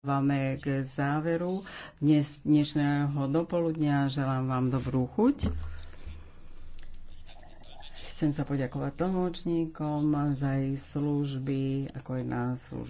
Vame k záveru dnes, dnešného dopoludnia. Želám vám dobrú chuť. Chcem sa poďakovať tlmočníkom za ich služby, ako aj na služby.